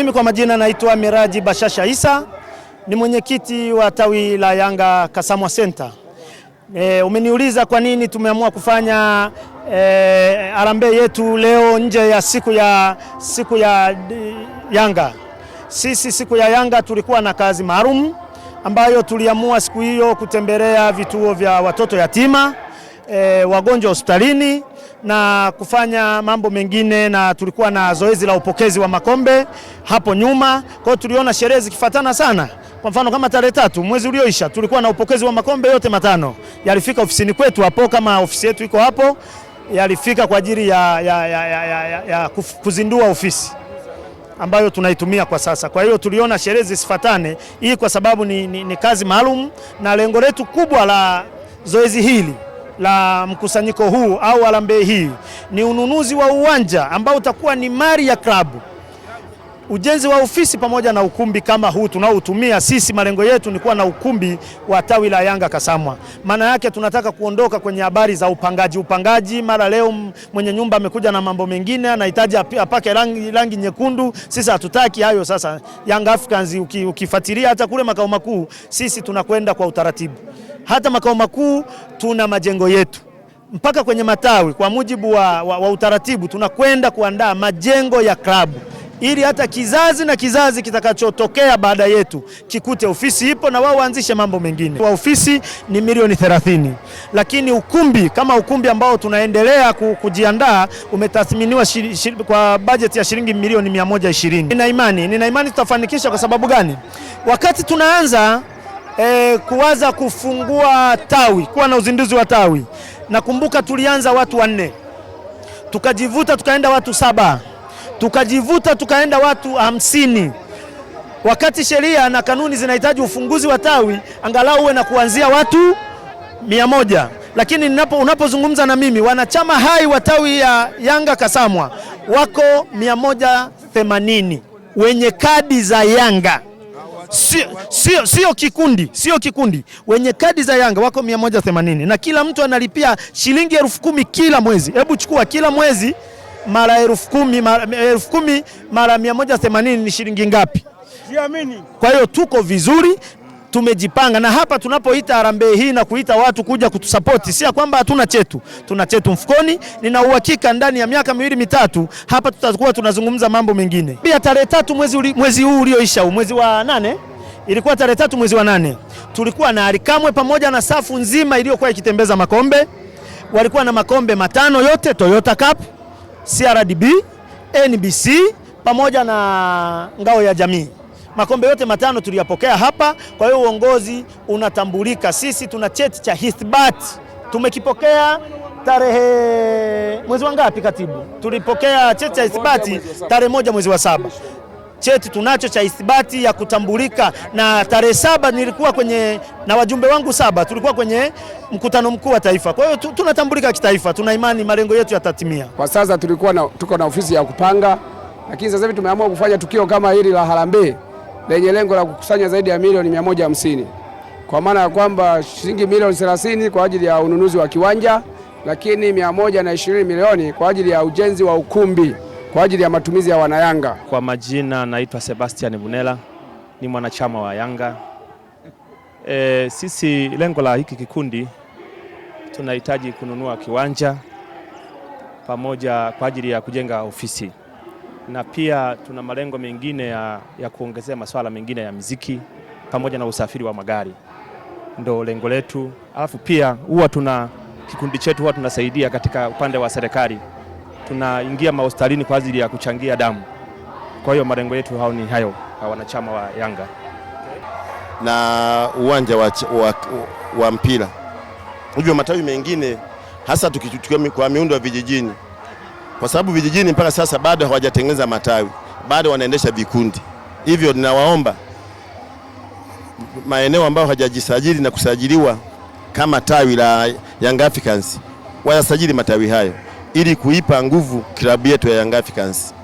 Mimi kwa majina naitwa Miraji Bashasha Isa, ni mwenyekiti wa tawi la Yanga Kasamwa Center. E, umeniuliza kwa nini tumeamua kufanya e, arambe yetu leo nje ya siku ya siku ya e, Yanga. Sisi siku ya Yanga tulikuwa na kazi maalum ambayo tuliamua siku hiyo kutembelea vituo vya watoto yatima e, wagonjwa hospitalini na kufanya mambo mengine, na tulikuwa na zoezi la upokezi wa makombe hapo nyuma. Kwa hiyo tuliona sherehe zikifatana sana. Kwa mfano kama tarehe tatu mwezi ulioisha tulikuwa na upokezi wa makombe yote matano, yalifika ofisini kwetu hapo, kama ofisi yetu iko hapo, yalifika kwa ajili ya, ya, ya, ya, ya, ya, ya kuzindua ofisi ambayo tunaitumia kwa sasa. Kwa hiyo tuliona sherehe zisifatane, hii kwa sababu ni, ni, ni kazi maalum na lengo letu kubwa la zoezi hili la mkusanyiko huu au harambee hii ni ununuzi wa uwanja ambao utakuwa ni mali ya klabu. Ujenzi wa ofisi pamoja na ukumbi kama huu tunaoutumia sisi, malengo yetu ni kuwa na ukumbi wa tawi la Yanga Kasamwa. Maana yake tunataka kuondoka kwenye habari za upangaji upangaji, mara leo mwenye nyumba amekuja na mambo mengine, anahitaji apake rangi, rangi nyekundu. Sisi hatutaki hayo. Sasa Young Africans uki, ukifuatilia hata kule makao makuu, sisi tunakwenda kwa utaratibu. Hata makao makuu tuna majengo yetu mpaka kwenye matawi kwa mujibu wa, wa, wa utaratibu tunakwenda kuandaa majengo ya klabu ili hata kizazi na kizazi kitakachotokea baada yetu kikute ofisi ipo na wao waanzishe mambo mengine. Wa ofisi ni milioni 30, lakini ukumbi kama ukumbi ambao tunaendelea kujiandaa umetathminiwa kwa bajeti ya shilingi milioni 120. Nina imani nina imani tutafanikisha. Kwa sababu gani? Wakati tunaanza e, kuwaza kufungua tawi kuwa na uzinduzi wa tawi, nakumbuka tulianza watu wanne tukajivuta tukaenda watu saba tukajivuta tukaenda watu hamsini, wakati sheria na kanuni zinahitaji ufunguzi wa tawi angalau uwe na kuanzia watu mia moja lakini ninapo unapozungumza na mimi wanachama hai wa tawi ya Yanga Kasamwa wako themanini wenye kadi za Yanga, sio, sio, sio kikundi, sio kikundi, wenye kadi za Yanga wako 180 na kila mtu analipia shilingi elfu kumi kila mwezi. Hebu chukua kila mwezi mara elfu kumi mara elfu kumi mara mia moja themanini ni shilingi ngapi? Kwa hiyo tuko vizuri, tumejipanga na hapa tunapoita harambee hii na kuita watu kuja kutusapoti, si ya kwamba hatuna chetu, tuna chetu mfukoni. Nina uhakika ndani ya miaka miwili mitatu hapa tutakuwa tunazungumza mambo mengine. Pia tarehe tatu mwezi, uli, mwezi huu ulioisha huu mwezi wa nane ilikuwa tarehe tatu mwezi wa nane tulikuwa na Alikamwe pamoja na safu nzima iliyokuwa ikitembeza makombe, walikuwa na makombe matano yote Toyota Cup CRDB, NBC pamoja na ngao ya jamii. Makombe yote matano tuliyapokea hapa. Kwa hiyo uongozi unatambulika, sisi tuna cheti cha ithibati. Tumekipokea tarehe mwezi wa ngapi, katibu? Tulipokea cheti cha ithibati tarehe moja mwezi wa saba cheti tunacho cha ithibati ya kutambulika, na tarehe saba nilikuwa kwenye na wajumbe wangu saba tulikuwa kwenye mkutano mkuu wa taifa. Kwa hiyo tunatambulika kitaifa, tuna imani malengo yetu yatatimia. Kwa sasa tulikuwa na, tuko na ofisi ya kupanga, lakini sasa hivi tumeamua kufanya tukio kama hili la harambee lenye lengo la kukusanya zaidi ya milioni 150 kwa maana ya kwamba shilingi milioni 30 kwa ajili ya ununuzi wa kiwanja, lakini 120 milioni kwa ajili ya ujenzi wa ukumbi kwa ajili ya matumizi ya wanayanga. Kwa majina naitwa Sebastian Bunela, ni mwanachama wa Yanga. E, sisi lengo la hiki kikundi tunahitaji kununua kiwanja pamoja kwa ajili ya kujenga ofisi na pia tuna malengo mengine ya, ya kuongezea masuala mengine ya miziki pamoja na usafiri wa magari, ndo lengo letu. Alafu pia huwa tuna kikundi chetu huwa tunasaidia katika upande wa serikali tunaingia mahospitalini kwa ajili ya kuchangia damu. Kwa hiyo malengo yetu hao ni hayo wanachama wa Yanga na uwanja wa, wa, wa mpira. Hivyo matawi mengine hasa tukichukua kwa miundo ya vijijini, kwa sababu vijijini mpaka sasa bado hawajatengeneza matawi, bado wanaendesha vikundi. Hivyo ninawaomba maeneo ambayo hajajisajili na kusajiliwa kama tawi la Young Africans wayasajili matawi hayo ili kuipa nguvu klabu yetu ya Young Africans.